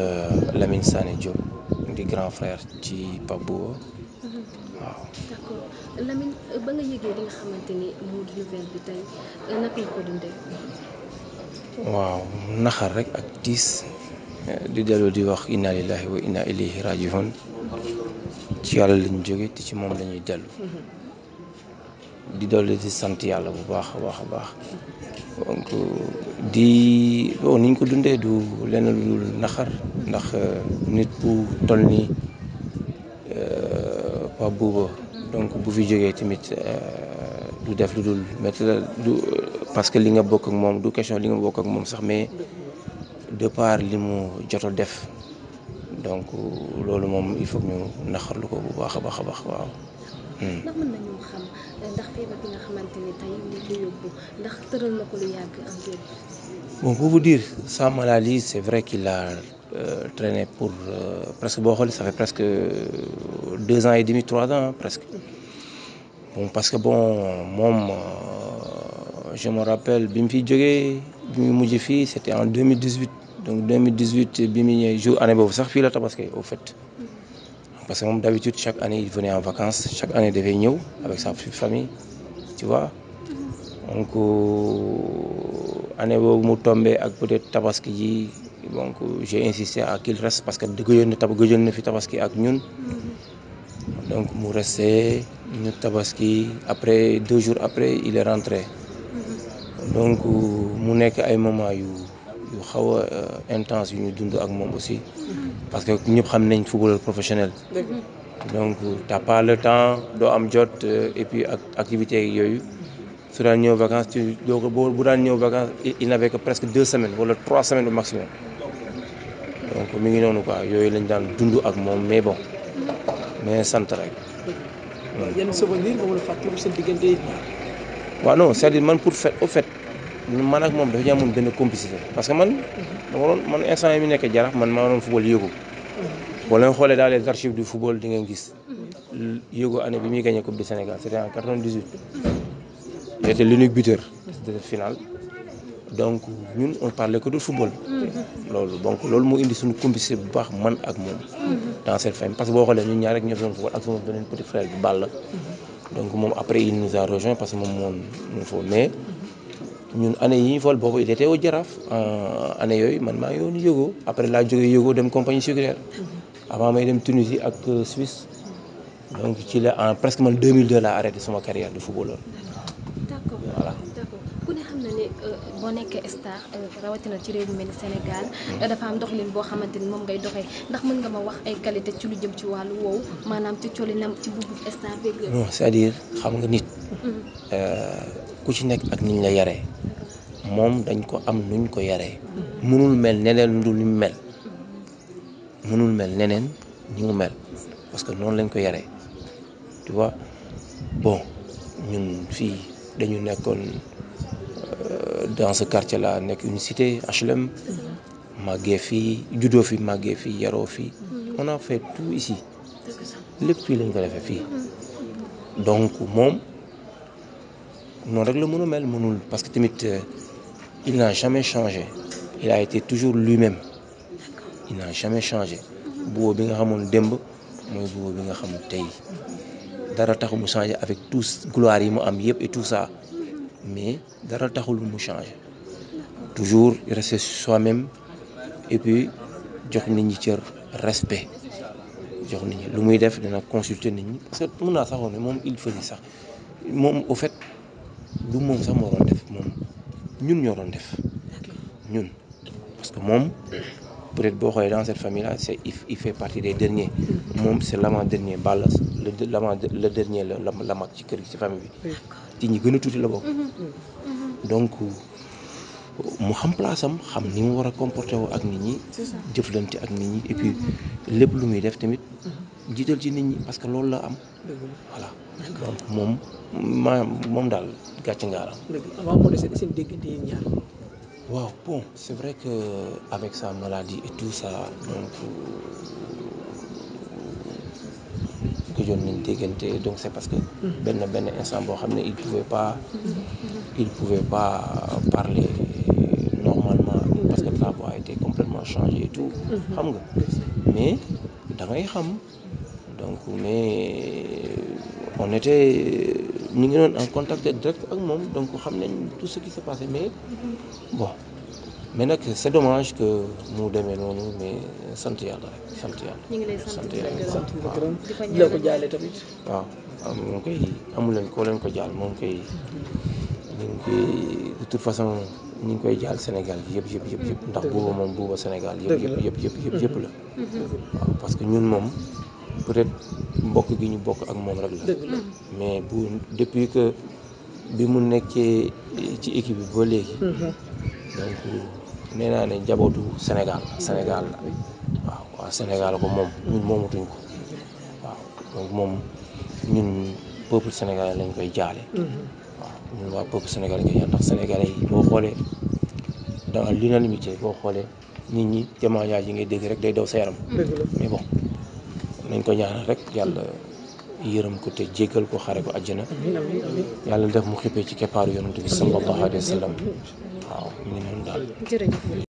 Euh, Lamine Sané Diop di grand frère ci Pape Bouba waaw. Mhm. d'accord ba nga yëgee li xamante ni moo di nouvelle bi tey naka nga ko dundee. waaw naxar rek ak tiis di delloo di wax inna lillahi wa inna ilayhi rajiun ci yàlla lañ jóge te ci moom lañuy dellu. Mhm. di dolli di sant yàlla bu baax a baax a baax di bon ni ñu ko dundee du lenn lu dul naxar ndax euh, nit bu toll nii euh, Pape Bouba donc bu fi jógee tamit euh, du def lu dul métti la parce que li nga bokk ak moom du question li nga bokk ak moom sax mais de part li mu jot def donc loolu moom il faut ñu naxarlu ko bu baax a baax a baax waaw. Hmm. ndax mën nañu xam ndax feebar bi nga xamante ni tey moo ko yóbbu ndax tëral na ko lu yàgg en fait. bon pour vous dire sa maladie c'est vrai qu'il a euh, pour euh, presque boo xoolee ça fait presque euh, deux ans et demi trois ans hein, presque bon parce que bon moom euh, je me rappelle bi mu fi jógee bi mu mujj fii c'était en 2018 donc 2018 bi mu ñëw jour année boobu sax fi la tabaski au fait. parce que moom d'habitude chaque année il venait en vacances chaque année dafay ñëw avec sa petite famille tu donc euh, année boobu mu tombe ak peut-être tabaski ji donc j'ai insisté à qu'il reste parce que gëjoon na tab gëjoon na fi tabaski ak ñun donc mu resté ñu tabaski après deux jours après il est rentré donc euh, mu nekk ay moments yu yu xaw a euh, intense yu ñu dund ak moom aussi parce que ñëpp xam nañ footballeur professionnel donc t'as pas le temps doo am jot euh, et puis ak activité yooyu su daan ñëw vacances ci doo ko bu daan ñëw vacances il n'avait presque deux semaines wala trois semaines au maximum donc mi ngi noonu ko yooyu lañ daan dund ak moom mais bon mais sant rek. waaw yan cest à man pour fait au fait. man ak moom dafa ñu amoon benn complicité parce que man. dama doon yi mu nekkee jaraaf man maa doon football yëgu. boo leen xoolee dans les archives du di ngeen gis. yëgu année bi muy gagné coupe du Sénégal c' était en 98. j' étais l' unique buteur de cette ñun on parlait que de loolu donc loolu moo indi suñu complicité bu baax man ak moom. dans cette fin parce que ñaar rek ñoo fi doon football ak sama beneen petit frère bi moom après parce que moom moo ñu foofu mais. ñun année yi vol boobu il était au Jaraaf euh, année yooyu man maa ngi woon Yogo après laa jógee Yogo dem compagnie sucrière mhm. avant may dem Tunisie ak euh, Suisse donc ci la en presque man 2002 laa arrêté sama carrière de footballeur voilà. ku ne xam na euh, ci réew mi mm. dafa am doxalin boo xamante ni moom ngay doxee ndax mën nga ma wax ay qualité ci lu jëm ci wàllu woowu maanaam ci colinam ci bugg star ci non cest xam nga nit mm-hmm. ku ci nekk ak niñ la yaree moom dañ ko am nuñ ko yaree mënul mel neneen lu ni mu mel mënul mel neneen ni mu mel parce que noonu lañ ko yaree tu vois bon ñun fii dañu nekkoon euh, dans ce quartier là nekk une cité HLM màggee fii juddoo fi màggee fii yaroo fii on a fait tout ici lépp fii lañ ko defee fii donc moom noonu rek la mën mel mënul parce que tamit euh, il n'a jamais changé il a été toujours lui-même il n'a jamais changé buuba bi nga xamoon démb mooy buuba bi nga xam tey dara taxul mu changé avec tous gloire yi mu am yëpp et tout ça mais dara taxul mu changé toujours rester soi-même et puis jox nit ñi cër respect jox nit ñi lu muy def dina consulter nit ñi parce que mun naa saxoon ne moom il faisait sax moom au fait du moom sax moo def moom ñun ñoo doon def ñun parce que moom peut-être boo xoolee dans cette famille là c'est il fait partie des derniers moom c'est l'avant-dernier Balla l'avant le dernier la la mag ci kër gi ci famille bi ci ñi gën a tuuti la bokk mhm. Mhm. Mhm. donc euh, mu xam place am xam ni mu war a comporté woo ak nit ñi jëflante ak nit ñi et puis lépp lu muy def tamit mm-hmm. jiital ci nit ñi parce que loolu la am voilà moom maa moom daal gàcce ngaalaam waaw bon c'est vrai que avec sa maladie et tout ça donc euh, gëjoon nañ déggante donc c'est parce que mm-hmm. benn benn instant boo xam ne il pouvait pas mm-hmm. il pouvait pas parler a changé tout. Mhm. xam nga mais da xam donc mais euh, on était euh, ñu ngi doon en contact direct ak moom donc xam nañ tout ce qui s'est passé mais mhm. bon mais nag c'est dommage que mu demee noonu mais sant yàlla rek sant yàlla. sant di la gërëm di la ko na koy amu koo leen ko jaal moom koy. ñu ngi koy de toute façon ñu ngi koy jaal Sénégal bi yëpp yëpp yëpp yëpp ndax buuba moom buuba Sénégal yëpp yëpp yëpp yëpp yëpp yëpp la mm-hmm. parce que ñun moom peut-être mbokk gi ñu bokk ak moom rek la mais bu depuis que bi mu nekkee ci équipe bi ba léegi mm-hmm. donc nee naa ne njabootu Sénégal Sénégal la mm-hmm. waaw waaw Sénégal ko moom ñun moomatuñ ko waaw donc moom ñun peuple sénégalais lañ koy jaale ñun waa peuple sénégalais ñoo ndax sénégalais yi boo xoolee dans l'unanimité boo xoolee nit ñi témoignage yi ngay dégg rek day daw sa yaram mais bon nañ ko ñaanal rek yàlla yërëm ko te jéggal ko xare ko àjjana yàlla def mu xippee ci keppaaru yonent bi sallallahu alayhi wa sallam waaw mu noonu daal